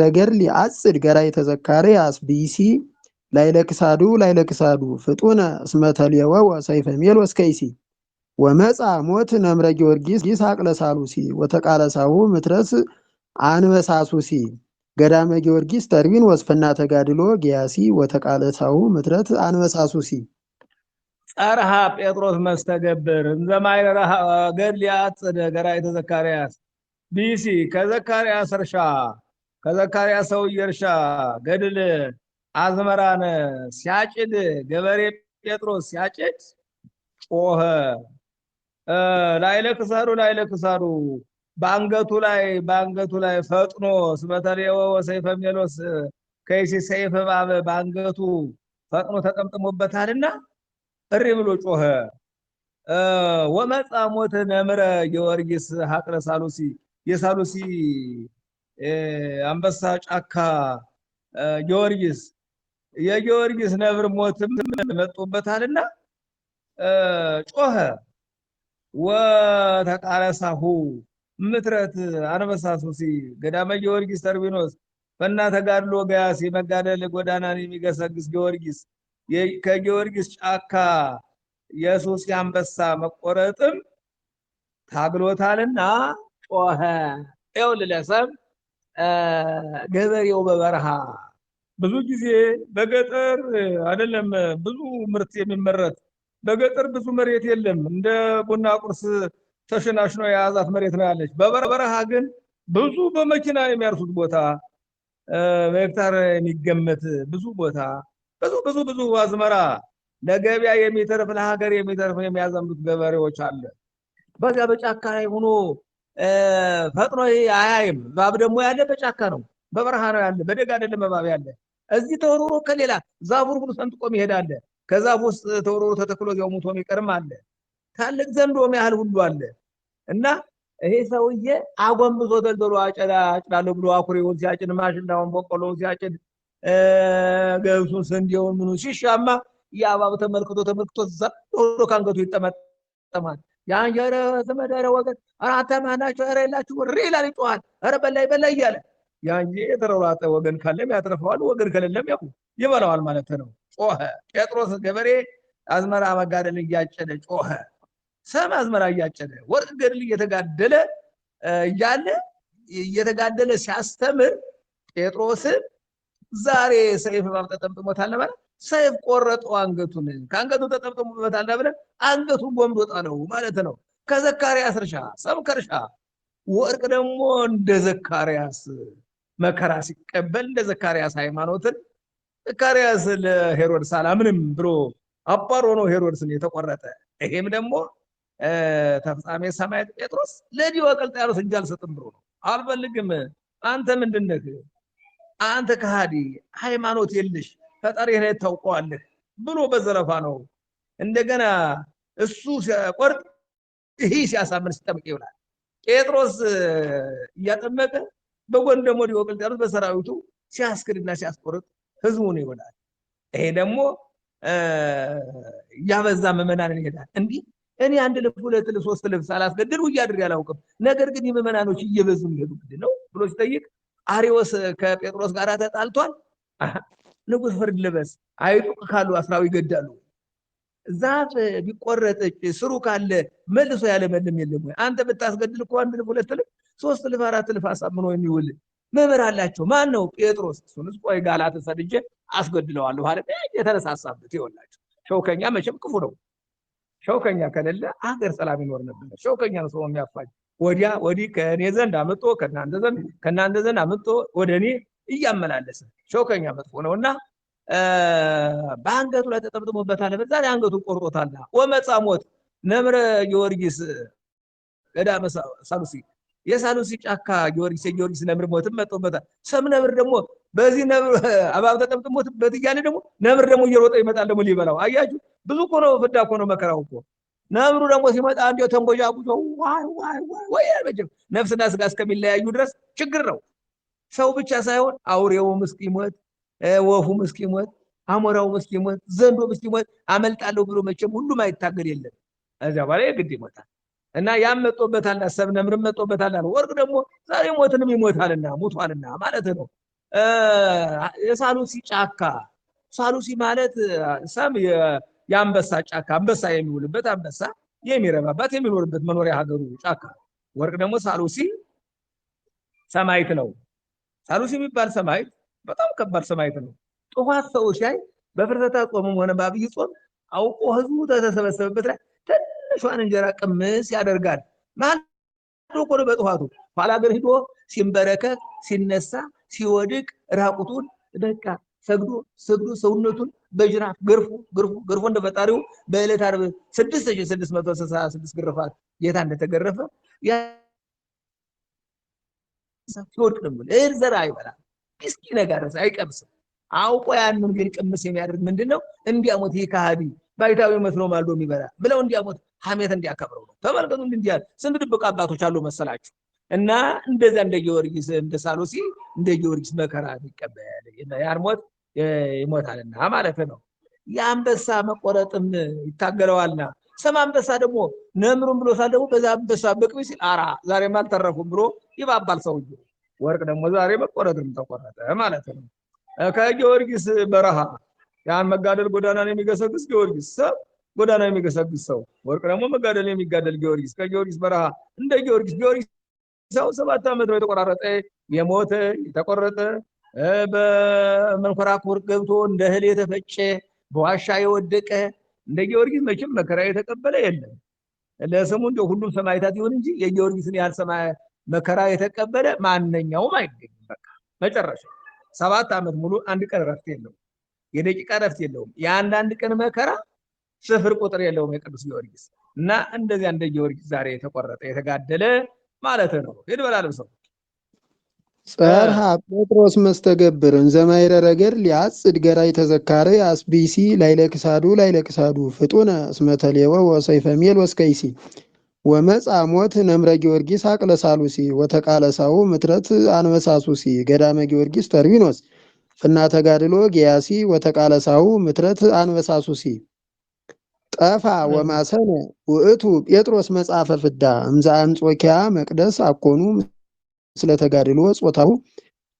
ረገድሊ አጽድ ገራይተ ዘካርያስ ብእሲ ላይለክሳዱ ላይለክሳዱ ፍጡነ እስመተልየወወ ሰይፈ ሜሎስ ወስከይሲ ወመጻ ሞት ነምረ ጊዮርጊስ አቅለ ሳሉሲ ወተቃለሳሁ ምትረስ አንበሳሱሲ ገዳመ ጊዮርጊስ ተርቢን ወስፍና ተጋድሎ ጊያሲ ወተቃለሳሁ ምትረት አንበሳሱሲ ጸርሃ ጴጥሮስ መስተገብር እንዘማይረሃ ገድሊ አጽደ ገራይተ ዘካርያስ ቢሲ ከዘካርያስ እርሻ ከዘካርያ ሰውዬ እርሻ ገድል አዝመራን ሲያጭድ ገበሬ ጴጥሮስ ሲያጭድ ጮኸ። ላይለ ክሳዱ ላይለ ክሳዱ በአንገቱ ላይ በአንገቱ ላይ ፈጥኖ ስመተሌወ ወሰይፈ ሜሎስ ከይሲ ሰይፈ ባበ በአንገቱ ፈጥኖ ተጠምጥሞበታልና እሪ ብሎ ጮኸ። ወመጻ ሞት ነምረ ጊዮርጊስ ሀቅረ ሳሉሲ የሳሉሲ አንበሳ ጫካ ጊዮርጊስ የጊዮርጊስ ነብር ሞትም መጡበታልና ጮኸ። ወተቃለሳሁ ምትረት አንበሳ ሱሲ ገዳመ ጊዮርጊስ ተርቢኖስ በእና ተጋድሎ ገያሲ መጋደል ጎዳናን የሚገሰግስ ጊዮርጊስ ከጊዮርጊስ ጫካ የሱሲ አንበሳ መቆረጥም ታግሎታልና ጮኸ። ይኸውልህ ለሰብ ገበሬው በበረሃ ብዙ ጊዜ በገጠር አይደለም ብዙ ምርት የሚመረት በገጠር ብዙ መሬት የለም። እንደ ቡና ቁርስ ተሸናሽኖ የያዛት መሬት ነው ያለች። በበረሃ ግን ብዙ በመኪና የሚያርሱት ቦታ በሄክታር የሚገመት ብዙ ቦታ ብዙ ብዙ ብዙ አዝመራ ለገበያ የሚተርፍ ለሀገር የሚተርፍ የሚያዘምዱት ገበሬዎች አለ። በዚያ በጫካ ላይ ሆኖ ፈጥኖ አያይም። እባብ ደግሞ ያለ በጫካ ነው፣ በበረሃ ነው ያለ፣ በደጋ አይደለም እባብ ያለ። እዚህ ተወርሮ ከሌላ ዛፉን ሁሉ ሰንጥቆም የሚሄድ አለ። ከዛፍ ውስጥ ተወርሮ ተተክሎ ያው ሙቶ የሚቀርም አለ። ታልቅ ዘንዶም ያህል ሁሉ አለ እና ይሄ ሰውዬ አጎንብሶ ተልተሎ አጨዳ አጭዳለሁ ብሎ አኩሬውን ሲያጭድ ማሽላውን በቆሎውን ሲያጭድ ገብሱን ስንዴውን ምኑ ሲሻማ የአባብ ተመልክቶ ተመልክቶ ዛ ሆኖ ከአንገቱ ይጠመጠማል። የአንጀረ ዘመደረ ወገን አራተ ማናቸው ረ የላችሁ ሪ ይላል ይጮሃል። ረ በላይ በላይ እያለ ያንጀ የተረዋጠ ወገን ካለም ያትረፈዋል፣ ወገን ከሌለም ያው ይበላዋል ማለት ነው። ጮኸ ጴጥሮስ ገበሬ አዝመራ መጋደል እያጨደ ጮኸ። ሰም አዝመራ እያጨደ ወርቅ ገድል እየተጋደለ እያለ እየተጋደለ ሲያስተምር ጴጥሮስን ዛሬ ሰይፍ ማምጠጠም ጥሞታል ማለት ሰይፍ ቆረጠው አንገቱን። ከአንገቱ ተጠምጥሞበታል ብለን አንገቱን ጎምዶጣ ነው ማለት ነው። ከዘካርያስ እርሻ ሰብከርሻ ወርቅ ደግሞ እንደ ዘካርያስ መከራ ሲቀበል እንደ ዘካርያስ ሃይማኖትን ዘካርያስ ለሄሮድስ አላምንም ብሎ አባሮ ነው ሄሮድስን የተቆረጠ። ይሄም ደግሞ ተፍጻሜ ሰማዕት ጴጥሮስ ለዲዮቅልጥያኖስ እንጂ አልሰጥም ብሎ ነው። አልፈልግም አንተ ምንድነህ? አንተ ከሃዲ ሃይማኖት የለሽ ፈጣሪ ላይ ታውቀዋለህ ብሎ በዘረፋ ነው። እንደገና እሱ ሲያቆርጥ ይህ ሲያሳምን ሲጠምቅ ይውላል። ጴጥሮስ እያጠመቀ በጎን ደግሞ ዲዮቅልጥያኖስ በሰራዊቱ ሲያስክድና ሲያስቆርጥ ህዝቡን ይውላል። ይሄ ደግሞ ያበዛ ምዕመናንን ይሄዳል። እንዲህ እኔ አንድ ልብስ፣ ሁለት ልብስ፣ ሶስት ልብስ አላስገድል ውዬ አላውቅም፣ ነገር ግን የምዕመናኖች እየበዙ የሚሄዱ ግድ ነው ብሎ ሲጠይቅ አሪዎስ ከጴጥሮስ ጋር ተጣልቷል ንጉሥ ፍርድ ልበስ አይጡቅ ካሉ አስራው ይገዳሉ። ዛፍ ቢቆረጥች ስሩ ካለ መልሶ ያለመልም የለም ወይ? አንተ ብታስገድል እኮ አንድ ልፍ ሁለት ልፍ ሶስት ልፍ አራት ልፍ አሳምኖ የሚውል መምህር አላቸው። ማን ነው? ጴጥሮስ። እሱን ቆይ ጋላትን ሰድጄ አስገድለዋለሁ አለ። የተነሳሳበት ይሆናቸው። ሸውከኛ መቼም ክፉ ነው። ሸውከኛ ከሌለ አገር ሰላም ይኖር ነበር። ሸውከኛ ነው ሰው የሚያፋጅ ወዲያ ወዲህ ከእኔ ዘንድ አምጦ ከእናንተ ዘንድ ከእናንተ ዘንድ አምጦ ወደ እኔ እያመላለሰ ሾከኛ መጥፎ ነው እና በአንገቱ ላይ ተጠምጥሞበታል። በዛ ላይ አንገቱን ቆርጦታል። ወመፃ ሞት ነምረ ጊዮርጊስ ገዳመ ሳሉሲ የሳሉሲ ጫካ ጊዮርጊስ የጊዮርጊስ ነምር ሞትም መጥቶበታል። ሰም ነብር ደግሞ በዚህ ነብር እባብ ተጠምጥሞበት እያለ ደግሞ ነብር ደግሞ እየሮጠ ይመጣል ደግሞ ሊበላው። አያችሁ ብዙ እኮ ነው ፍዳ እኮ ነው መከራው እኮ ነብሩ ደግሞ ሲመጣ እንዲያው ተንጎጃጉጆ ዋይ ዋይ ዋይ ወይ ነፍስና ስጋ እስከሚለያዩ ድረስ ችግር ነው። ሰው ብቻ ሳይሆን አውሬውም እስኪሞት፣ ወፉም እስኪሞት፣ አሞራውም እስኪሞት፣ ዘንዶም እስኪሞት አመልጣለሁ ብሎ መቼም ሁሉም አይታገል የለም። እዚያ በኋላ የግድ ይሞታል እና ያም መጦበታል፣ ሰብነምርም መጦበታል። አለ። ወርቅ ደግሞ ዛሬ ሞትንም ይሞታልና ሞቷልና ማለት ነው። የሳሉሲ ጫካ ሳሉሲ ማለት ሰም የአንበሳ ጫካ አንበሳ የሚውልበት አንበሳ የሚረባባት የሚኖርበት መኖሪያ ሀገሩ ጫካ። ወርቅ ደግሞ ሳሉሲ ሰማይት ነው። ሳሉስ የሚባል ሰማዕት በጣም ከባድ ሰማዕት ነው። ጥፋት ሰው ሲያይ በፍልሰታ ጾምም ሆነ በአብይ ጾም አውቆ ህዝቡ ተሰበሰበበት ላይ ትንሿን እንጀራ ቅምስ ያደርጋል። ማን ቆሎ በጥፋቱ ኋላ ግን ሂዶ ሲንበረከክ ሲነሳ ሲወድቅ ራቁቱን በቃ ሰግዶ ሰግዶ ሰውነቱን በጅራፍ ግርፎ ግርፎ ግርፎ እንደ ፈጣሪው በዕለት ዓርብ 6666 ግርፋት ጌታ እንደተገረፈ ሲወድቅ ደግሞ እህል ዘር አይበላም፣ እስኪነጋ ድረስ አይቀምስም። አውቆ ያንን ግን ቅምስ የሚያደርግ ምንድን ነው? እንዲያሞት ይህ ከሃዲ ባይታዊ መስሎ ማልዶ የሚበላ ብለው እንዲያሞት ሐሜት እንዲያከብረው ነው። ተመልከቱ እንዲያል ስንት ድብቅ አባቶች አሉ መሰላችሁ። እና እንደዛ እንደ ጊዮርጊስ እንደ ሳሉሲ እንደ ጊዮርጊስ መከራ የሚቀበል ያርሞት ይሞታልና ማለት ነው። የአንበሳ መቆረጥም ይታገለዋልና ሰም አንበሳ ደግሞ ነምሩም ብሎ ሳል ደግሞ በዛ አንበሳ በቅቢ ሲል አራ ዛሬም አልተረፉም ብሎ ይባባል ሰውዬ። ወርቅ ደግሞ ዛሬ መቆረጥም ተቆረጠ ማለት ነው። ከጊዮርጊስ በረሃ ያን መጋደል ጎዳናን የሚገሰግስ ጊዮርጊስ ሰው ጎዳና የሚገሰግስ ሰው ወርቅ ደግሞ መጋደል የሚጋደል ጊዮርጊስ ከጊዮርጊስ በረሃ እንደ ጊዮርጊስ ጊዮርጊስ ሰው ሰባት ዓመት ነው የተቆራረጠ የሞተ የተቆረጠ በመንኮራኩር ገብቶ እንደ እህል የተፈጨ በዋሻ የወደቀ እንደ ጊዮርጊስ መቼም መከራ የተቀበለ የለም። ለስሙ እንደ ሁሉም ሰማዕታት ይሁን እንጂ የጊዮርጊስን ያህል መከራ የተቀበለ ማንኛውም አይገኝም። በቃ መጨረሻ ሰባት ዓመት ሙሉ አንድ ቀን ረፍት የለውም። የደቂቃ ረፍት የለውም። የአንዳንድ ቀን መከራ ስፍር ቁጥር የለውም የቅዱስ ጊዮርጊስ እና እንደዚያ እንደ ጊዮርጊስ ዛሬ የተቆረጠ የተጋደለ ማለት ነው። ሂድ በላለም ሰው ጸርሃ ጴጥሮስ መስተገብር እንዘማይረ ረገድ ሊያጽድ ገራይ ተዘካረ አስቢሲ ላይለክሳዱ ላይለክሳዱ ፍጡነ እስመተሌወ ወሰይፈሚል ወስከይሲ ወመጻሞት ነምረ ጊዮርጊስ አቅለሳሉሲ ወተቃለሳው ምትረት አንበሳሱሲ ገዳመ ጊዮርጊስ ተርቢኖስ ፍና ተጋድሎ ጌያሲ ወተቃለሳው ምትረት አንበሳሱሲ ጠፋ ወማሰነ ውእቱ ጴጥሮስ መጽሐፈ ፍዳ እምዛ አንጾኪያ መቅደስ አኮኑ ተጋድሎ ጾታው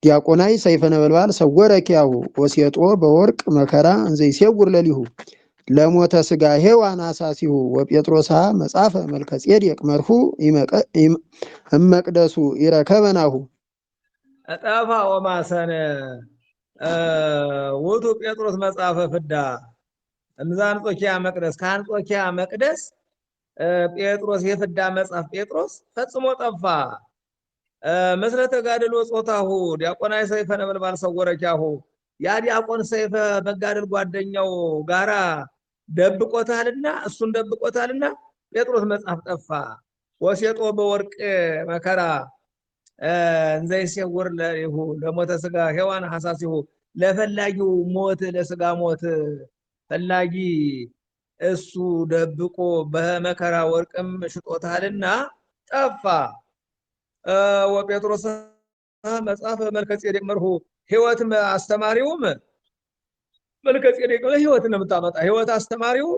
ዲያቆናይ ሰይፈ ነበልባል ሰወረ ኪያሁ ወሴጦ በወርቅ መከራ እንዘ ይሴውር ለሊሁ ለሞተ ስጋ ሄዋን አሳሲሁ ወጴጥሮሳ መጻፈ መልከ ጼዴቅ መርሁ እመቅደሱ ይረከበናሁ እጠፋ ወማሰነ ውእቱ ጴጥሮስ መጽሐፈ ፍዳ እምዛ አንጾኪያ መቅደስ ከአንጾኪያ መቅደስ ጴጥሮስ የፍዳ መጽሐፍ ጴጥሮስ ፈጽሞ ጠፋ። መስለ ተጋድሎ ጾታሁ ዲያቆናይ ሰይፈ ነበልባል ሰወረኪያሁ ያ ዲያቆን ሰይፈ መጋደል ጓደኛው ጋራ ደብቆታልና እሱን ደብቆታልና ጴጥሮስ መጽሐፍ ጠፋ ወሴጦ በወርቅ መከራ እንዘ ይሴውር ለሪሁ ለሞተ ስጋ ሔዋን ሐሳሲሁ ለፈላጊው ሞት ለስጋ ሞት ፈላጊ እሱ ደብቆ በመከራ ወርቅም ሽጦታልና ጠፋ። ወጴጥሮስ መጽሐፍ መልከ ጼዴቅ መርሁ ሕይወት አስተማሪውም መልከ ጼዴቅ ህይወት እንደምታመጣ ህይወት አስተማሪው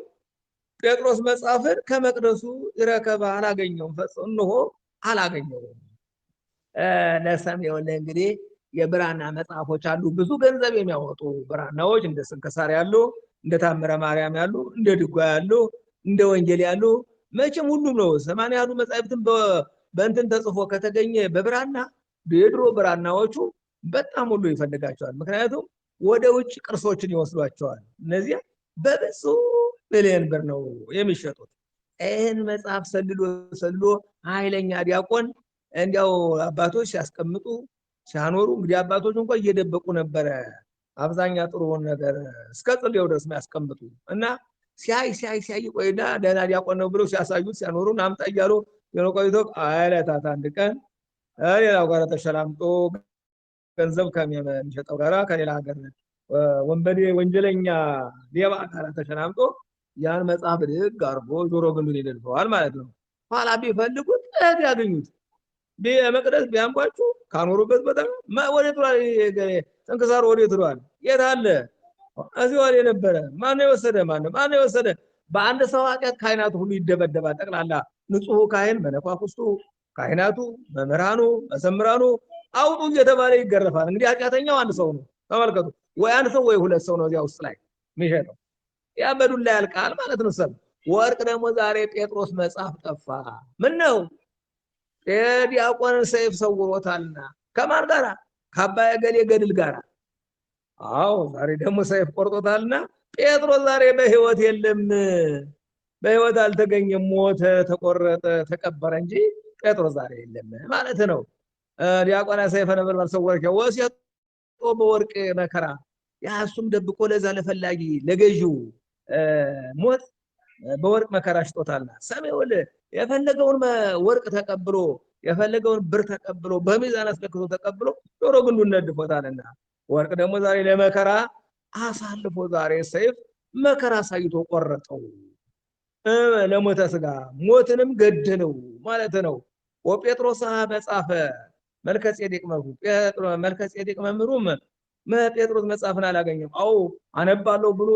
ጴጥሮስ መጽሐፍን ከመቅደሱ ይረከባ አላገኘውም፣ ፈጽሞ እንሆ አላገኘውም። ለሰሜውን እንግዲህ የብራና መጽሐፎች አሉ፣ ብዙ ገንዘብ የሚያወጡ ብራናዎች እንደ ስንክሳር ያሉ፣ እንደ ታምረ ማርያም ያሉ፣ እንደ ድጓ ያሉ፣ እንደ ወንጌል ያሉ መቼም ሁሉም ነው ሰማንያ ያሉ መጽሐፍትን በእንትን ተጽፎ ከተገኘ በብራና የድሮ ብራናዎቹ በጣም ሁሉ ይፈልጋቸዋል። ምክንያቱም ወደ ውጭ ቅርሶችን ይወስዷቸዋል። እነዚያ በብዙ ሚሊዮን ብር ነው የሚሸጡት። ይህን መጽሐፍ ሰልሎ ሰልሎ ኃይለኛ ዲያቆን እንዲያው አባቶች ሲያስቀምጡ ሲያኖሩ እንግዲህ አባቶች እንኳ እየደበቁ ነበረ። አብዛኛ ጥሩውን ነገር እስከ ጽሌው ድረስ ያስቀምጡ እና ሲያይ ሲያይ ሲያይ ቆይና ደህና ዲያቆን ነው ብለው ሲያሳዩት ሲያኖሩ ናምጣ እያሉ የሆነ ቆይቶ ዕለታት አንድ ቀን ሌላው ጋር ተሸላምጦ ገንዘብ ከሚሸጠው ጋራ ከሌላ ሀገር ወንበዴ፣ ወንጀለኛ፣ ሌባ ጋር ተሸናምጦ ያን መጽሐፍ ድግ አርጎ ጆሮ ግንዱን ይደልፈዋል ማለት ነው። ኋላ ቢፈልጉት እህት ያገኙት መቅደስ ቢያንቋችሁ ካኖሩበት በጣም ወዴት ትሏል። ጥንክሳር ወዴት ትሏል። የት አለ? እዚህ ዋል የነበረ ማነው የወሰደ? ማነው ማነው የወሰደ? በአንድ ሰው ኃጢአት ካህናቱ ሁሉ ይደበደባል። ጠቅላላ ንጹሁ ካህን መነኳኩስቱ፣ ካህናቱ፣ መምህራኑ፣ መሰምራኑ? አውጡ እየተባለ ይገረፋል። እንግዲህ ኃጢአተኛው አንድ ሰው ነው። ተመልከቱ፣ ወይ አንድ ሰው ወይ ሁለት ሰው ነው እዚያ ውስጥ ላይ የሚሸጠው። ያ በዱላ ያልቃል ማለት ነው። ሰብ ወርቅ ደግሞ ዛሬ ጴጥሮስ መጽሐፍ ጠፋ። ምን ነው የዲያቆንን ሰይፍ ሰውሮታልና ከማን ጋራ? ከአባ ገሌ ገድል ጋራ። አዎ ዛሬ ደግሞ ሰይፍ ቆርጦታልና ጴጥሮስ ዛሬ በህይወት የለም። በህይወት አልተገኘም። ሞተ፣ ተቆረጠ፣ ተቀበረ እንጂ ጴጥሮስ ዛሬ የለም ማለት ነው። ዲያቆና ሰይፈ ነበልባል ሰወርከ ወሴጦ በወርቅ መከራ ያሱም ደብቆ ለዛ ለፈላጊ ለገዢው ሞት በወርቅ መከራ ሽጦታልና ሰሜውል የፈለገውን ወርቅ ተቀብሎ የፈለገውን ብር ተቀብሎ በሚዛን አስለክቶ ተቀብሎ ዶሮ ግንዱን ነድፎታልና ወርቅ ደግሞ ዛሬ ለመከራ አሳልፎ ዛሬ ሰይፍ መከራ አሳይቶ ቆረጠው። ለሞተ ስጋ ሞትንም ገደለው ማለት ነው። ወጴጥሮስ መጻፈ መልከጼዴቅ መምህሩ መልከጼዴቅ መምህሩም ጴጥሮስ መጽሐፍን አላገኘም። አዎ አነባለሁ ብሎ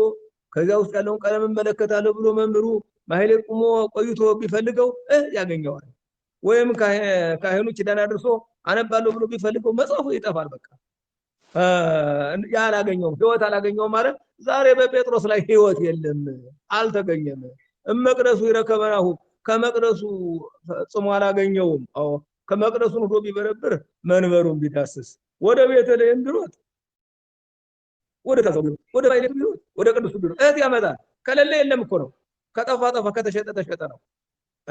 ከዚያ ውስጥ ያለውን ቀለም እመለከታለሁ ብሎ መምህሩ ማህሌት ቁሞ ቆይቶ ቢፈልገው ያገኘዋል። ወይም ካህኑ ኪዳን አድርሶ አነባለሁ ብሎ ቢፈልገው መጽሐፉ ይጠፋል። በቃ ያ አላገኘውም፣ ህይወት አላገኘውም ማለት ዛሬ በጴጥሮስ ላይ ህይወት የለም፣ አልተገኘም። እመቅደሱ ይረከበናሁ ከመቅደሱ ጽሞ አላገኘውም። ከመቅደሱን ሁሉ ቢበረብር መንበሩን ቢዳስስ ወደ ቤተልሔም ቢሮጥ ወደ ታሰቡ ወደ ባይሌት ቢሮጥ ወደ ቅዱስ ቢሮጥ እህት ያመጣል። ከሌለ የለም እኮ ነው። ከጠፋ ጠፋ፣ ከተሸጠ ተሸጠ ነው።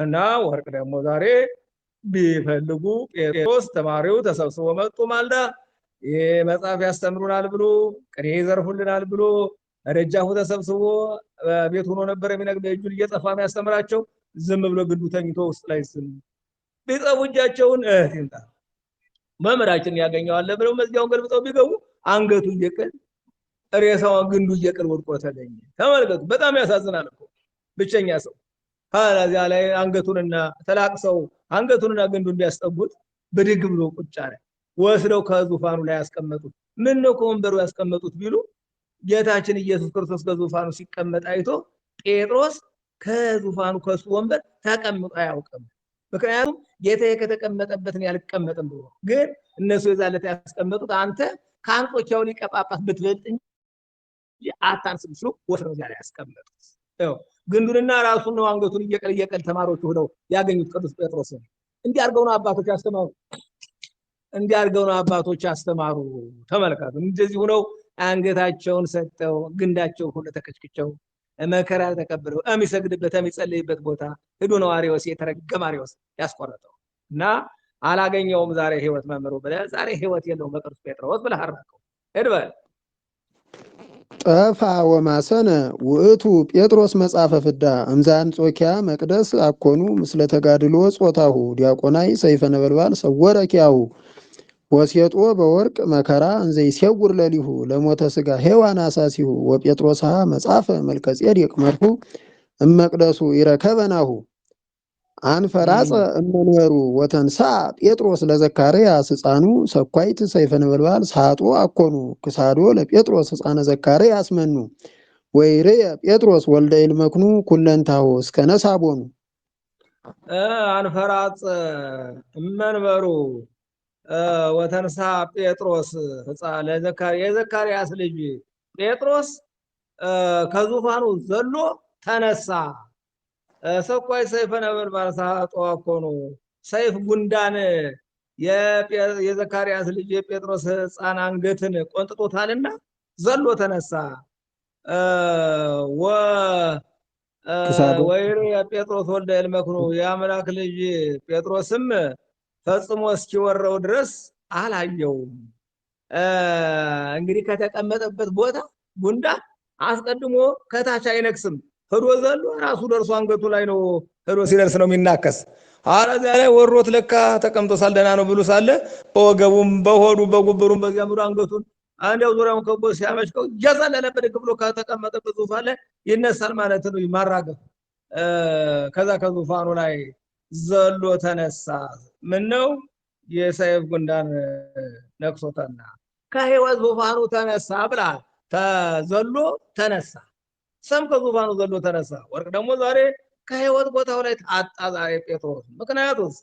እና ወርቅ ደግሞ ዛሬ ቢፈልጉ ጴጥሮስ ተማሪው ተሰብስቦ መጡ ማልዳ ይህ መጽሐፍ ያስተምሩናል ብሎ ቅኔ ይዘርፉልናል ብሎ ረጃሁ ተሰብስቦ ቤት ሆኖ ነበር የሚነግድ እጁን እየጠፋ የሚያስተምራቸው ዝም ብሎ ግንዱ ተኝቶ ውስጥ ላይ ዝም ሊጠቡ እጃቸውን ይምጣ መምህራችን ያገኘዋል ብለው መዚያውን ገልብጠው ቢገቡ አንገቱ እየቅል ሬሳው ግንዱ እየቅል ወድቆ ተገኘ። ተመልከቱ፣ በጣም ያሳዝናል እኮ ብቸኛ ሰው ከዚያ ላይ አንገቱንና ተላቅሰው አንገቱንና ግንዱን እንዲያስጠጉት ብድግ ብሎ ቁጭ አለ። ወስደው ከዙፋኑ ላይ ያስቀመጡት። ምን ነው ከወንበሩ ያስቀመጡት ቢሉ ጌታችን ኢየሱስ ክርስቶስ ከዙፋኑ ሲቀመጥ አይቶ ጴጥሮስ ከዙፋኑ ከሱ ወንበር ተቀምጦ አያውቅም። ምክንያቱም ጌታ ከተቀመጠበት እኔ አልቀመጥም ብሎ ግን እነሱ የዛለት ያስቀመጡት አንተ ከአንጦኪያው ያውን ሊቀ ጳጳስ ብትበልጥ እንጂ አታንስም ሲሉ ወስነው እዚያ ላይ ያስቀመጡት። ግንዱንና ራሱን ነው አንገቱን እየቀል እየቀል ተማሪዎቹ ሆነው ያገኙት ቅዱስ ጴጥሮስን። እንዲህ አድርገው ነው አባቶች አስተማሩ። እንዲህ አድርገው ነው አባቶች አስተማሩ። ተመልከቱ። እንደዚህ ሆነው አንገታቸውን ሰጠው፣ ግንዳቸው ሁሉ ተከችክቸው መከራ ተቀብለው የሚሰግድበት የሚጸልይበት ቦታ ሂዱ ነው አሪዎስ የተረገመ አሪዎስ ያስቆረጠው እና አላገኘውም። ዛሬ ህይወት መምህሩ ብለህ ዛሬ ህይወት የለውም በቅዱስ ጴጥሮስ ብለህ አራቀው ሂድ በል። ጠፋ ወማሰነ ውእቱ ጴጥሮስ መጽሐፈ ፍዳ እምዛ አንጾኪያ መቅደስ አኮኑ ምስለ ተጋድሎ ጾታሁ ዲያቆናይ ሰይፈ ነበልባል ወሴጦ በወርቅ መከራ እንዘ ይሴውር ለሊሁ ለሞተ ስጋ ሔዋን አሳሲሁ ወጴጥሮስ ሀ መጻፈ መልከ ጼዴቅ መርሁ እመቅደሱ ይረከበናሁ አንፈራጸ እመንበሩ ወተንሳ ጴጥሮስ ለዘካርያስ ሕፃኑ ሰኳይት ሰይፈ ነበልባል ሳጦ አኮኑ ክሳዶ ለጴጥሮስ ሕፃነ ዘካርያስ መኑ ወይሬ ጴጥሮስ ወልደ ይልመክኑ ኩለንታሁ እስከ ነሳቦኑ አንፈራጸ እመንበሩ ወተንሳ ጴጥሮስ የዘካርያስ ልጅ ጴጥሮስ ከዙፋኑ ዘሎ ተነሳ። ሰኳይ ሰይፈ ነበልባል ሰዓጦ ኮኑ ሰይፍ ጉንዳን የዘካርያስ ልጅ የጴጥሮስ ሕፃን አንገትን ቆንጥጦታልና ዘሎ ተነሳ። ወይሬ ጴጥሮስ ወልደ እልመክኑ የአምላክ ልጅ ጴጥሮስም ፈጽሞ እስኪወረው ድረስ አላየውም። እንግዲህ ከተቀመጠበት ቦታ ጉንዳ አስቀድሞ ከታች አይነክስም። ህዶ ዘሎ ራሱ ደርሶ አንገቱ ላይ ነው ህዶ ሲደርስ ነው የሚናከስ። አለዚያ ላይ ወሮት ለካ ተቀምጦ ሳልደና ነው ብሉ ሳለ በወገቡም በሆዱ በጉብሩም በዚያ ምዶ አንገቱን አንዲያው ዙሪያውን ከቦ ሲያመጭቀው እየዘለለ ብድግ ብሎ ከተቀመጠበት ዙፋን ላይ ይነሳል ማለት ነው። ይማራገፍ ከዛ ከዙፋኑ ላይ ዘሎ ተነሳ። ምነው የሰይፍ ጉንዳን ነክሶተና ከህይወት ዙፋኑ ተነሳ ብላ ተዘሎ ተነሳ። ሰም ከዙፋኑ ዘሎ ተነሳ። ወርቅ ደግሞ ዛሬ ከህይወት ቦታው ላይ አጣ። ዛሬ ጴጥሮስ ምክንያቱስ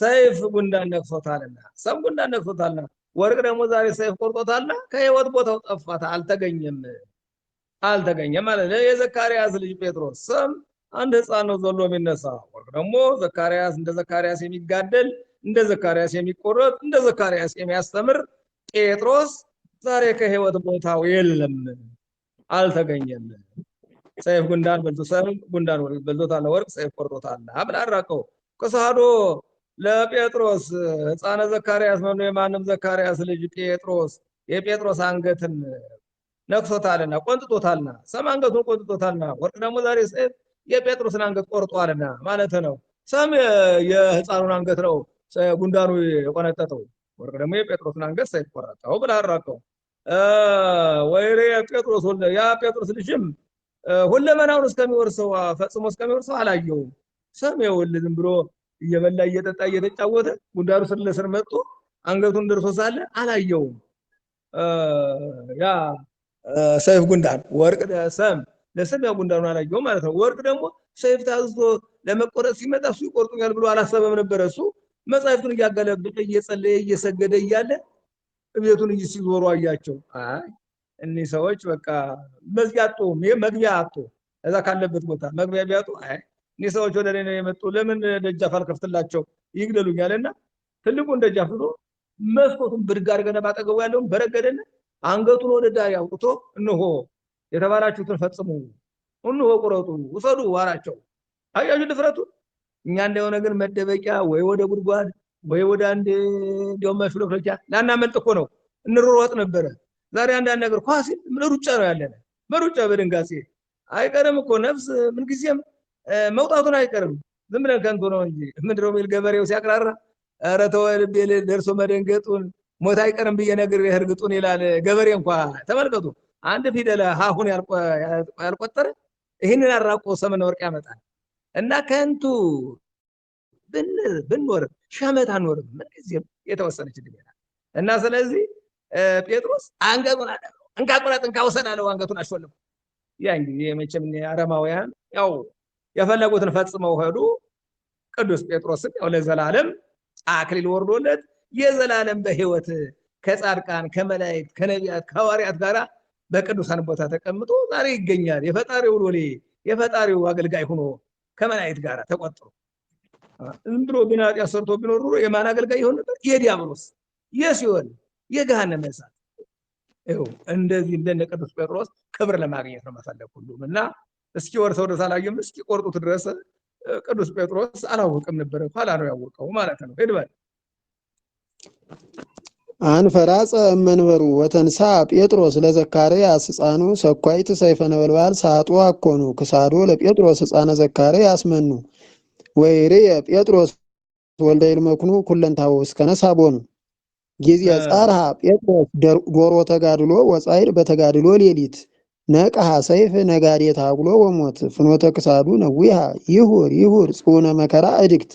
ሰይፍ ጉንዳን ነክሶታልና፣ ሰም ጉንዳን ነክሶታልና፣ ወርቅ ደግሞ ዛሬ ሰይፍ ቆርጦታልና ከህይወት ቦታው ጠፋታ፣ አልተገኘም አልተገኘም ማለት የዘካርያስ ልጅ ጴጥሮስ ሰም አንድ ህፃን ነው ዘሎ የሚነሳ ወርቅ ደግሞ ዘካርያስ እንደ ዘካርያስ የሚጋደል እንደ ዘካርያስ የሚቆረጥ እንደ ዘካርያስ የሚያስተምር ጴጥሮስ ዛሬ ከህይወት ቦታው የለም፣ አልተገኘም። ሰይፍ ጉንዳን በልቶ ሰይፍ ጉንዳን በልቶታል፣ ወርቅ ሰይፍ ቆርጦታል። አብን አራቀው ከሳዶ ለጴጥሮስ ህፃነ ዘካርያስ መኑ የማንም ዘካርያስ ልጅ ጴጥሮስ የጴጥሮስ አንገትን ነክሶታልና ቆንጥጦታልና ሰም አንገቱን ቆንጥጦታልና ወርቅ ደግሞ ዛሬ ሰይፍ የጴጥሮስን አንገት ቆርጧልና ማለት ነው። ሰም የህፃኑን አንገት ነው ጉንዳኑ የቆነጠጠው፣ ወርቅ ደግሞ የጴጥሮስን አንገት ሳይቆረጠው ብላ ብለህ አራቀው። ወይሬ ጴጥሮስ ያ ጴጥሮስ ልጅም ሁለመናውን እስከሚወርሰው ፈጽሞ እስከሚወርሰው አላየውም። ሰም ይኸውልህ ዝም ብሎ እየበላ እየጠጣ እየተጫወተ ጉንዳኑ ስር ለስር መጥቶ አንገቱን ደርሶ ሳለ አላየውም። ያ ሰይፍ ጉንዳን ወርቅ ሰም ለሰሚያው ጉንዳኑ አላየው ማለት ነው። ወርቅ ደግሞ ሰይፍ ታዝዞ ለመቆረጥ ሲመጣ እሱ ይቆርጡኛል ብሎ አላሰበም ነበረ። እሱ መጻሕፍቱን እያገለበጠ እየጸለየ እየሰገደ እያለ ቤቱን እይ ሲዞሩ አያቸው። አይ እኒህ ሰዎች በቃ መዝጊያ አጡ፣ መግቢያ አጡ። እዛ ካለበት ቦታ መግቢያ ቢያጡ አይ እኒህ ሰዎች ወደ እኔ ነው የመጡ፣ ለምን ደጃፍ አልከፍትላቸው ይግደሉኛልና ትልቁን ደጃፍ ብሎ መስኮቱን ብድግ አድርገን ባጠገቡ ያለውን በረገደና አንገቱን ወደ ዳር አውጥቶ እነሆ የተባላችሁትን ፈጽሙ፣ እነሆ ወቁረጡ፣ ውሰዱ አላቸው። አያችሁ ድፍረቱ። እኛ እንደሆነ ግን መደበቂያ ወይ ወደ ጉድጓድ ወይ ወደ አንድ እንዲያውም መሽሎክሎቻ ላናመልጥ እኮ ነው እንሮጥ ነበረ። ዛሬ አንዳንድ ነገር ኳስ ሩጫ ነው ያለን፣ በሩጫ በድንጋሴ አይቀርም እኮ ነፍስ ምንጊዜም መውጣቱን አይቀርም። ዝም ብለን ከንቱ ነው እንጂ ምንድን ነው የሚል ገበሬው ሲያቅራራ፣ ኧረ ተወው ልቤ ደርሶ መደንገጡን ሞት አይቀርም ብዬ ነግሬህ እርግጡን ይላል ገበሬ እንኳ ተመልከቱ። አንድ ፊደል ሀሁን ያልቆጠረ ይህንን አራቆ ሰምነ ወርቅ ያመጣል እና ከንቱ ብንር ብንኖር ሺህ ዓመት አንኖርም። ምንጊዜም የተወሰነች ዕድሜ እና ስለዚህ ጴጥሮስ አንገቱን አደ እንካ ቁረጥ እንካ ውሰድ አለው። አንገቱን አሾለኩ። ያን ጊዜ መቼም አረማውያን ያው የፈለጉትን ፈጽመው ሄዱ። ቅዱስ ጴጥሮስም ያው ለዘላለም አክሊል ወርዶለት የዘላለም በህይወት ከጻድቃን ከመላእክት ከነቢያት ከሐዋርያት ጋራ በቅዱሳን ቦታ ተቀምጦ ዛሬ ይገኛል። የፈጣሪው ሎሌ የፈጣሪው አገልጋይ ሆኖ ከመላእክት ጋር ተቆጥሮ ዝም ብሎ ግን ኃጢአት ሰርቶ ቢኖር ኑሮ የማን አገልጋይ ይሆን ነበር? የዲያብሎስ፣ የሲኦል፣ የገሃነመ እሳት። ይኸው እንደዚህ እንደነ ቅዱስ ጴጥሮስ ክብር ለማግኘት ነው መፈለግ ሁሉም እና እስኪ ወርሰው ወደ አላየም እስኪ ቆርጡት ድረስ ቅዱስ ጴጥሮስ አላወቅም ነበር፣ ኋላ ነው ያወቀው ማለት ነው። ሄድበል አንፈራጸ እመንበሩ ወተንሳ ጴጥሮስ ለዘካርያስ ሕፃኑ ሰኳይት ሰይፈ ነበልባል ሳጡ አኮኑ ክሳዶ ለጴጥሮስ ሕፃነ ዘካርያስ መኑ ወይሬ ጴጥሮስ ወልደ ይልመኩኑ ኩለንታው እስከ ነሳቦኑ ጊዜ ጻርሃ ጴጥሮስ ዶሮ ተጋድሎ ወጻይድ በተጋድሎ ሌሊት ነቅሃ ሰይፍ ነጋዴ አጉሎ ወሞት ፍኖተ ክሳዱ ነዊሃ ይሁር ይሁር ጽኡነ መከራ እድግት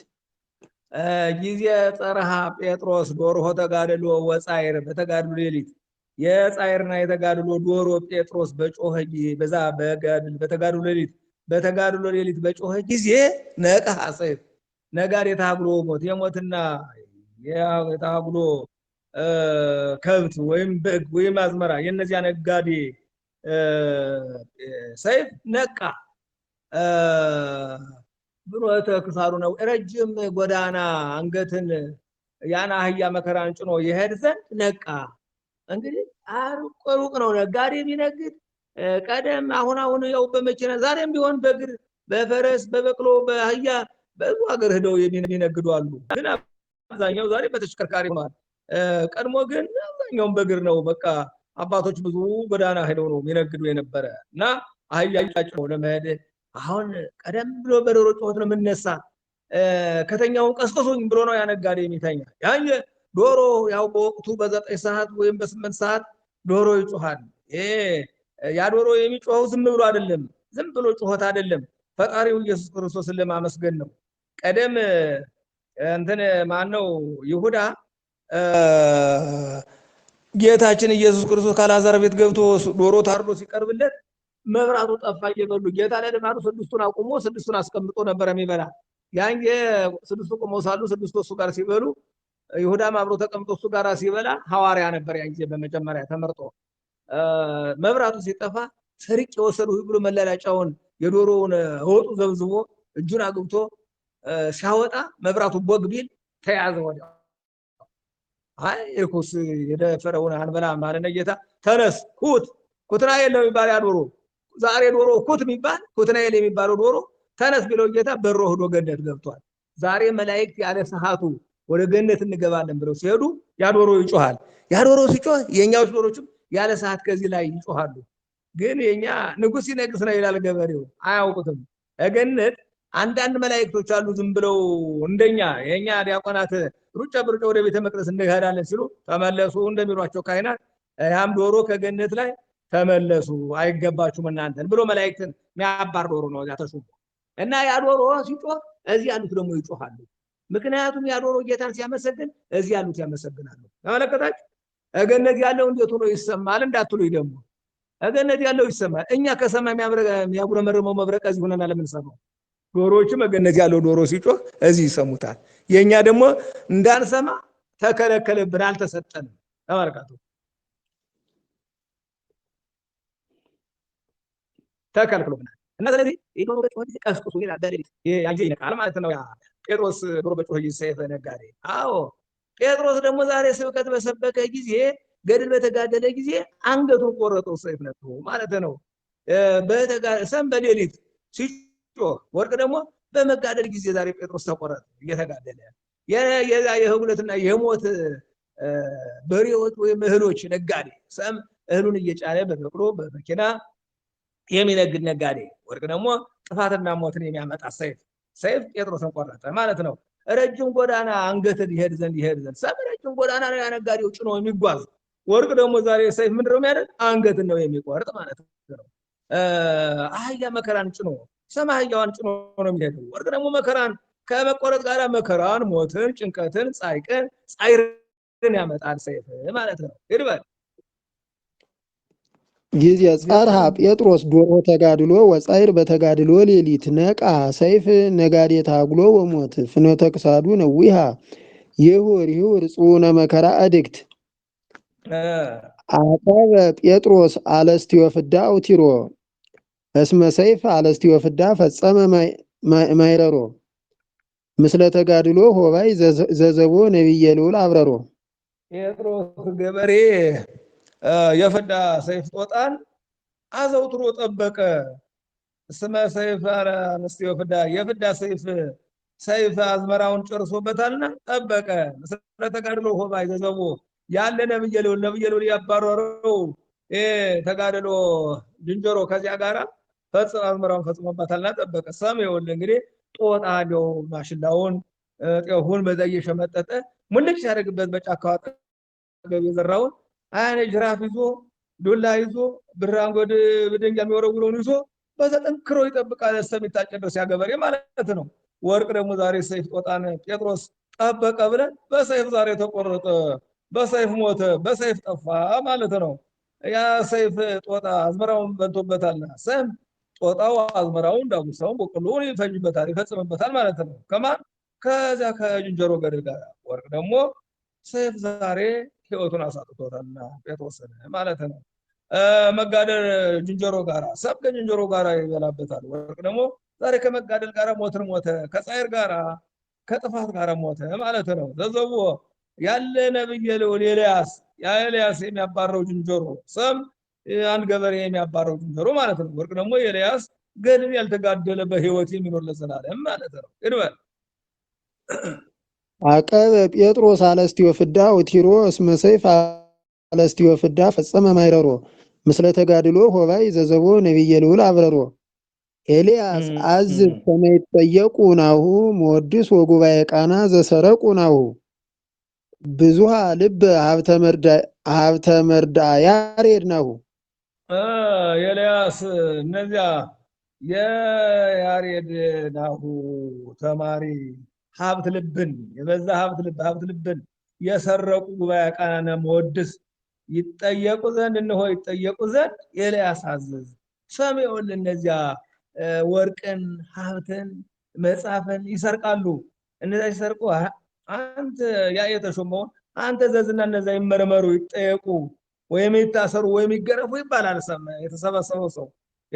ጊዜ ፀርሃ ጴጥሮስ ዶርሆ ተጋደሎ ወፃይር በተጋድሎ ሌሊት የጻይርና የተጋድሎ ዶሮ ጴጥሮስ በጮኸ ጊዜ በዛ በተጋድሎ ሌሊት በተጋድሎ ሌሊት በጮኸ ጊዜ ነቃ ሰይፍ ነጋድ የታግሎ ሞት የሞትና የታግሎ ከብት ወይም በግ ወይም አዝመራ የእነዚያ ነጋዴ ሰይፍ ነቃ ብሮተ ክሳሩ ነው ረጅም ጎዳና አንገትን ያን አህያ መከራን ጭኖ ይሄድ ዘንድ ነቃ። እንግዲህ አርቆ ሩቅ ነው ነጋዴ ቢነግድ ቀደም አሁን አሁን ያው በመኪና ዛሬም ቢሆን በእግር በፈረስ በበቅሎ በአህያ በዙ ሀገር ሂደው የሚነግዱ አሉ። ግን አብዛኛው ዛሬ በተሽከርካሪ ሆኗል። ቀድሞ ግን አብዛኛውም በእግር ነው። በቃ አባቶች ብዙ ጎዳና ሄደው ነው የሚነግዱ የነበረ እና አህያ ጭኖ ለመሄድ አሁን ቀደም ብሎ በዶሮ ጩኸት ነው የምነሳ ከተኛውን ቀስቅሱኝ ብሎ ነው ያነጋዴ የሚተኛ። ያየ ዶሮ ያው በወቅቱ በዘጠኝ ሰዓት ወይም በስምንት ሰዓት ዶሮ ይጮሃል። ያ ዶሮ የሚጮኸው ዝም ብሎ አይደለም፣ ዝም ብሎ ጩኸት አይደለም። ፈጣሪው ኢየሱስ ክርስቶስን ለማመስገን ነው። ቀደም እንትን ማነው ይሁዳ ጌታችን ኢየሱስ ክርስቶስ ካላዛር ቤት ገብቶ ዶሮ ታርዶ ሲቀርብለት መብራቱ ጠፋ እየበሉ ጌታ ላይ ለልማዱ ስድስቱን አቁሞ ስድስቱን አስቀምጦ ነበረ የሚበላ ያን ስድስቱ ቁመው ሳሉ ስድስቱ እሱ ጋር ሲበሉ ይሁዳም አብሮ ተቀምጦ እሱ ጋር ሲበላ ሐዋርያ ነበር ያን ጊዜ በመጀመሪያ ተመርጦ። መብራቱ ሲጠፋ ሰርቅ የወሰዱ ብሎ መላላጫውን የዶሮውን ወጡ ዘብዝቦ እጁን አግብቶ ሲያወጣ መብራቱ ቦግ ቢል ተያዘ። ወዲያው አይ እኮስ የደፈረውን አንበላ ማለነ ጌታ። ተነስ ሁት ኩትና የለው የሚባል ያዶሮ ዛሬ ዶሮ ኩት የሚባል ኩትናኤል የሚባለው ዶሮ ተነስ ቢለው ጌታ በሮ ሆዶ ገነት ገብቷል። ዛሬ መላእክት ያለ ሰዓቱ ወደ ገነት እንገባለን ብለው ሲሄዱ ያ ዶሮ ይጮሃል። ያ ዶሮ ሲጮህ የእኛዎች ዶሮችም ያለ ሰዓት ከዚህ ላይ ይጮሃሉ። ግን የኛ ንጉስ ሲነግስ ነው ይላል ገበሬው። አያውቁትም ገነት አንዳንድ መላእክቶች አሉ። ዝም ብለው እንደኛ የኛ ዲያቆናት ሩጫ ብሩጫ ወደ ቤተ መቅደስ እንሄዳለን ሲሉ ተመለሱ እንደሚሏቸው ካህናት ያም ዶሮ ከገነት ላይ ተመለሱ አይገባችሁም እናንተን ብሎ መላእክትን የሚያባር ዶሮ ነው እዚያ ተሹሞ እና ያ ዶሮ ሲጮህ እዚህ ያሉት ደግሞ ይጮሃሉ። ምክንያቱም ያ ዶሮ ጌታን ሲያመሰግን እዚህ ያሉት ያመሰግናሉ። ተመለከታችሁ። እገነት ያለው እንዴት ሆኖ ይሰማል እንዳትሉ ደግሞ እገነት ያለው ይሰማል። እኛ ከሰማይ የሚያጉረመርመው መብረቅ እዚህ ሆነና ለምንሰማው ዶሮዎችም እገነት ያለው ዶሮ ሲጮህ እዚህ ይሰሙታል። የእኛ ደግሞ እንዳንሰማ ተከለከለብን፣ አልተሰጠንም። ተመልከቱ። ተከልክሎ ብናል እና ስለዚህ የዶሮ ገጮች ቀስቅሱ ይላል። ይነቃል ማለት ነው። ያ ጴጥሮስ ዶሮ ገጮ ሰይፈ ነጋዴ። አዎ ጴጥሮስ ደግሞ ዛሬ ስብከት በሰበከ ጊዜ ገድል በተጋደለ ጊዜ አንገቱን ቆረጠው ሰይፍ ነክቶ ማለት ነው። ሰም በሌሊት ሲጮህ ወርቅ ደግሞ በመጋደል ጊዜ ዛሬ ጴጥሮስ ተቆረጠ እየተጋደለ የዛ የህጉለትና የሞት በሬዎች ወይም እህሎች ነጋዴ ሰም እህሉን እየጫነ በበቅሎ በመኪና የሚነግድ ነጋዴ፣ ወርቅ ደግሞ ጥፋትና ሞትን የሚያመጣ ሰይፍ። ሰይፍ ጴጥሮስን ቆረጠ ማለት ነው። ረጅም ጎዳና አንገት ሊሄድ ዘንድ ይሄድ ዘንድ ሰብ ረጅም ጎዳና ነው ያነጋዴው ጭኖ የሚጓዝ ወርቅ ደግሞ ዛሬ ሰይፍ ምንድን የሚያደርግ? አንገትን ነው የሚቆርጥ ማለት ነው። አህያ መከራን ጭኖ ሰም አህያዋን ጭኖ ነው የሚሄደው። ወርቅ ደግሞ መከራን ከመቆረጥ ጋር መከራን፣ ሞትን፣ ጭንቀትን፣ ጻይቅን ጻይርን ያመጣል ሰይፍ ማለት ነው። ይድበል ጊዜ ጸርሃ ጴጥሮስ ዶሮ ተጋድሎ ወጻይር በተጋድሎ ሌሊት ነቃ ሰይፍ ነጋዴ ታግሎ ወሞት ፍኖተ ክሳዱ ነዊሃ የሆሪሁ ርጹነ መከራ አድግት አቀበ ጴጥሮስ አለስቲ ወፍዳ አውቲሮ እስመ ሰይፍ አለስቲ ወፍዳ ፈጸመ ማይረሮ ምስለ ተጋድሎ ሆባይ ዘዘቦ ነቢየ ልዑል አብረሮ ጴጥሮስ ገበሬ የፍዳ ሰይፍ ጦጣን አዘውትሮ ጠበቀ። ስመ ሰይፍ አንስት ፍዳ የፍዳ ሰይፍ ሰይፍ አዝመራውን ጨርሶበታልና ጠበቀ። ምስለ ተጋድሎ ሆባይ ገዘቦ ያለ ነብየ ልዑል ነብየ ልዑል ያባረረው ተጋድሎ ዝንጀሮ ከዚያ ጋራ ፈጽሞ አዝመራውን ፈጽሞባታልና ጠበቀ። ሰም የወለ እንግዲህ ጦጣ እንደው ማሽላውን ጤሁን በዛ እየሸመጠጠ ሙልጭ ሲያደርግበት በጫካው አጠገብ የዘራውን አያኔ ጅራፍ ይዞ ዱላ ይዞ ብራንጎድ በድንጋይ የሚወረውረውን ይዞ በዛ ጠንክሮ ይጠብቃል። እስከሚታጨድ ድረስ ያገበሬ ማለት ነው። ወርቅ ደግሞ ዛሬ ሰይፍ ጦጣን ጴጥሮስ ጠበቀ ብለን በሰይፍ ዛሬ ተቆረጠ፣ በሰይፍ ሞተ፣ በሰይፍ ጠፋ ማለት ነው። ያ ሰይፍ ጦጣ አዝመራውን በልቶበታልና ሰም ጦጣው አዝመራውን ዳጉሳውን በቆሎውን ይፈጅበታል ይፈጽምበታል ማለት ነው። ከማን ከዚያ ከዝንጀሮ ገድል ጋር ወርቅ ደግሞ ሰይፍ ዛሬ ህይወቱን አሳጥቶታልና የተወሰነ ማለት ነው። መጋደል ዝንጀሮ ጋራ ሰብ ከዝንጀሮ ጋራ ይበላበታል። ወርቅ ደግሞ ዛሬ ከመጋደል ጋራ ሞትን ሞተ፣ ከጻይር ጋራ ከጥፋት ጋራ ሞተ ማለት ነው። ዘዘቦ ያለ ነብየ ልዑል ኤልያስ የሚያባረው ዝንጀሮ ሰም አንድ ገበሬ የሚያባረው ዝንጀሮ ማለት ነው። ወርቅ ደግሞ ኤልያስ ገድም ያልተጋደለ በህይወት የሚኖር ለዘላለም ማለት ነው። ይድበል አቀበ ጴጥሮስ አለስቲ ወፍዳ ወቲሮ እስመ ሰይፍ አለስቲዮ ፈጸመ ማይረሮ ምስለ ተጋድሎ ሆባይ ዘዘቦ ነቢየ ልውል አብረሮ ኤልያስ አዝብ ከመይጠየቁ ናሁ መወድስ ወጉባኤ ቃና ዘሰረቁ ናሁ ብዙሃ ልብ ሀብተ መርዳ ያሬድ ናሁ። ኤልያስ እነዚያ የያሬድ ናሁ ተማሪ ሀብት ልብን የበዛ ሀብት ልብ ሀብት ልብን የሰረቁ ጉባኤ ቃና መወድስ ይጠየቁ ዘንድ እንሆ ይጠየቁ ዘንድ ኤልያስ አዘዝ። ሰምዖን እነዚያ ወርቅን፣ ሀብትን፣ መጽሐፍን ይሰርቃሉ። እነዚያ ሲሰርቁ አንተ ያ የተሾመውን አንተ ዘዝና እነዚያ ይመርመሩ፣ ይጠየቁ፣ ወይም ይታሰሩ ወይም ይገረፉ ይባላል። የተሰበሰበው ሰው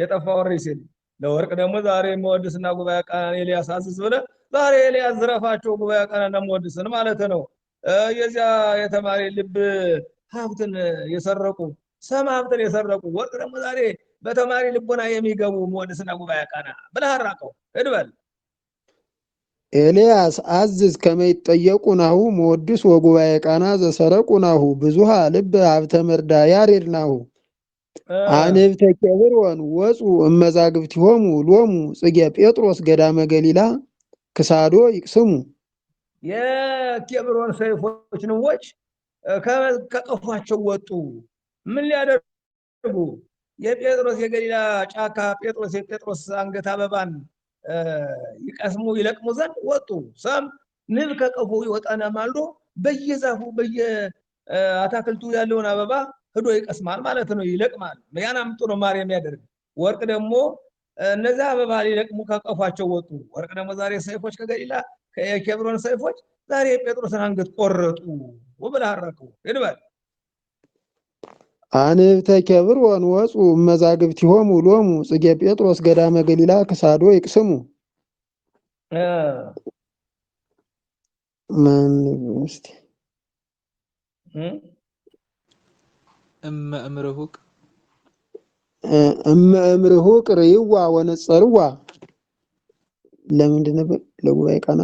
የጠፋው እሪ ሲል ለወርቅ ደግሞ ዛሬ መወድስና ጉባኤ ቃና ኤልያስ አዝዝ ብለህ ዛሬ ኤልያስ ዝረፋቸው ጉባኤ ቃናን መወድስን ማለት ነው። የዚያ የተማሪ ልብ ሀብትን የሰረቁ ሰማ ሀብትን የሰረቁ ወርቅ ደግሞ ዛሬ በተማሪ ልቦና የሚገቡ መወድስና ጉባኤ ቃና ብለህ አራቀው እድበል ኤልያስ አዝዝ ከመይጠየቁ ናሁ መወድስ ወጉባኤ ቃና ዘሰረቁ ናሁ ብዙሃ ልብ ሀብተ መርዳ ያሬድ ናሁ አንብተ ኬብሮን ወፁ እመዛግብቲሆሙ ሎሙ ጽጌ ጴጥሮስ ገዳመ ገሊላ ክሳዶ ይቅስሙ። የኬብሮን ሰይፎች ንቦች ከቀፏቸው ወጡ። ምን ሊያደርጉ የጴጥሮስ የገሊላ ጫካ ጴጥሮስ የጴጥሮስ አንገት አበባን ይቀስሙ ይለቅሙ ዘንድ ወጡ። ሰም ንብ ከቀፎ ይወጣና ማልዶ በየዛፉ በየአታክልቱ ያለውን አበባ ህዶ ይቀስማል ማለት ነው። ይለቅማል። ያን አምጡ ነው ማር የሚያደርግ ወርቅ ደግሞ እነዛ አበባ ሊለቅሙ ከቀፏቸው ወጡ። ወርቅ ደግሞ ዛሬ ሰይፎች ከገሊላ ከኬብሮን ሰይፎች ዛሬ የጴጥሮስን አንገት ቆረጡ ብላ አረከው ይድበል አንብተ ኬብሮን ወፁ ሆሙ ሎሙ ጽጌ ጴጥሮስ ገዳመ ገሊላ ክሳዶ ይቅስሙ ማን እመ እምርሁቅ እመ እምርሁቅ ርእይዋ ወነጸርዋ ለምንድን ነበር? ለጉባኤ ቃና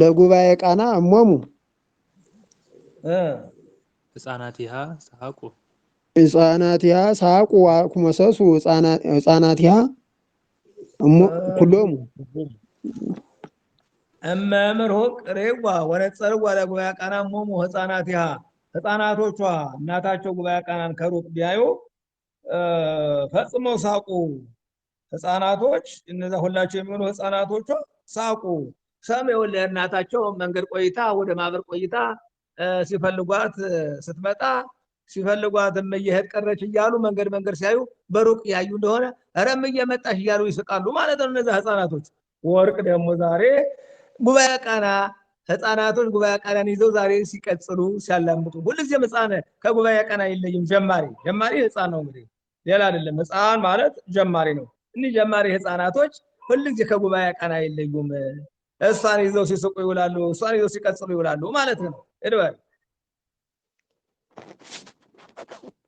ለጉባኤ ቃና እሞሙ ህፃናቲሃ ሳቁ ህፃናቲሃ ሳቁ አኩመሰሱ ኩሎሙ እመምርሆ ቅሬዋ ወነጸር ወደ ጉባኤ ቃናም ህፃናት ያ ህፃናቶቿ እናታቸው ጉባኤ ቃናን ከሩቅ ቢያዩ ፈጽመው ሳቁ። ህፃናቶች እነዛ ሁላቸው የሚሆኑ ህፃናቶቿ ሳቁ። የወለ ለእናታቸው መንገድ ቆይታ ወደ ማበር ቆይታ ሲፈልጓት ስትመጣ ሲፈልጓት እምዬ ቀረች እያሉ መንገድ መንገድ ሲያዩ በሩቅ ያዩ እንደሆነ ረም እምዬ መጣሽ እያሉ ይስቃሉ ማለት ነው እነዛ ህፃናቶች። ወርቅ ደግሞ ዛሬ ጉባኤ ቃና ህፃናቶች ጉባኤ ቃናን ይዘው ዛሬ ሲቀጽሉ ሲያላምጡ፣ ሁልጊዜም ህፃን ከጉባኤ ቃና አይለይም። ጀማሪ ጀማሪ ህፃን ነው እንግዲህ ሌላ አይደለም። ህፃን ማለት ጀማሪ ነው። እኒህ ጀማሪ ህፃናቶች ሁልጊዜ ከጉባኤ ቃና የለዩም። እሷን ይዘው ሲስቁ ይውላሉ፣ እሷን ይዘው ሲቀጽሉ ይውላሉ ማለት ነው። እድበር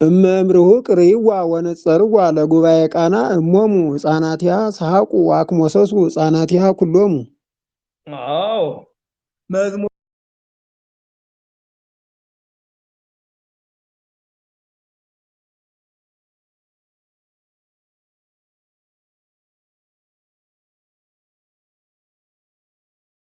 እመምርሁ ቅርይዋ ወነጸርዋ ለጉባኤ ቃና እሞሙ ህፃናትያ ሰሐቁ አክሞሰሱ ህፃናትያ ኩሎሙ Wow. Mas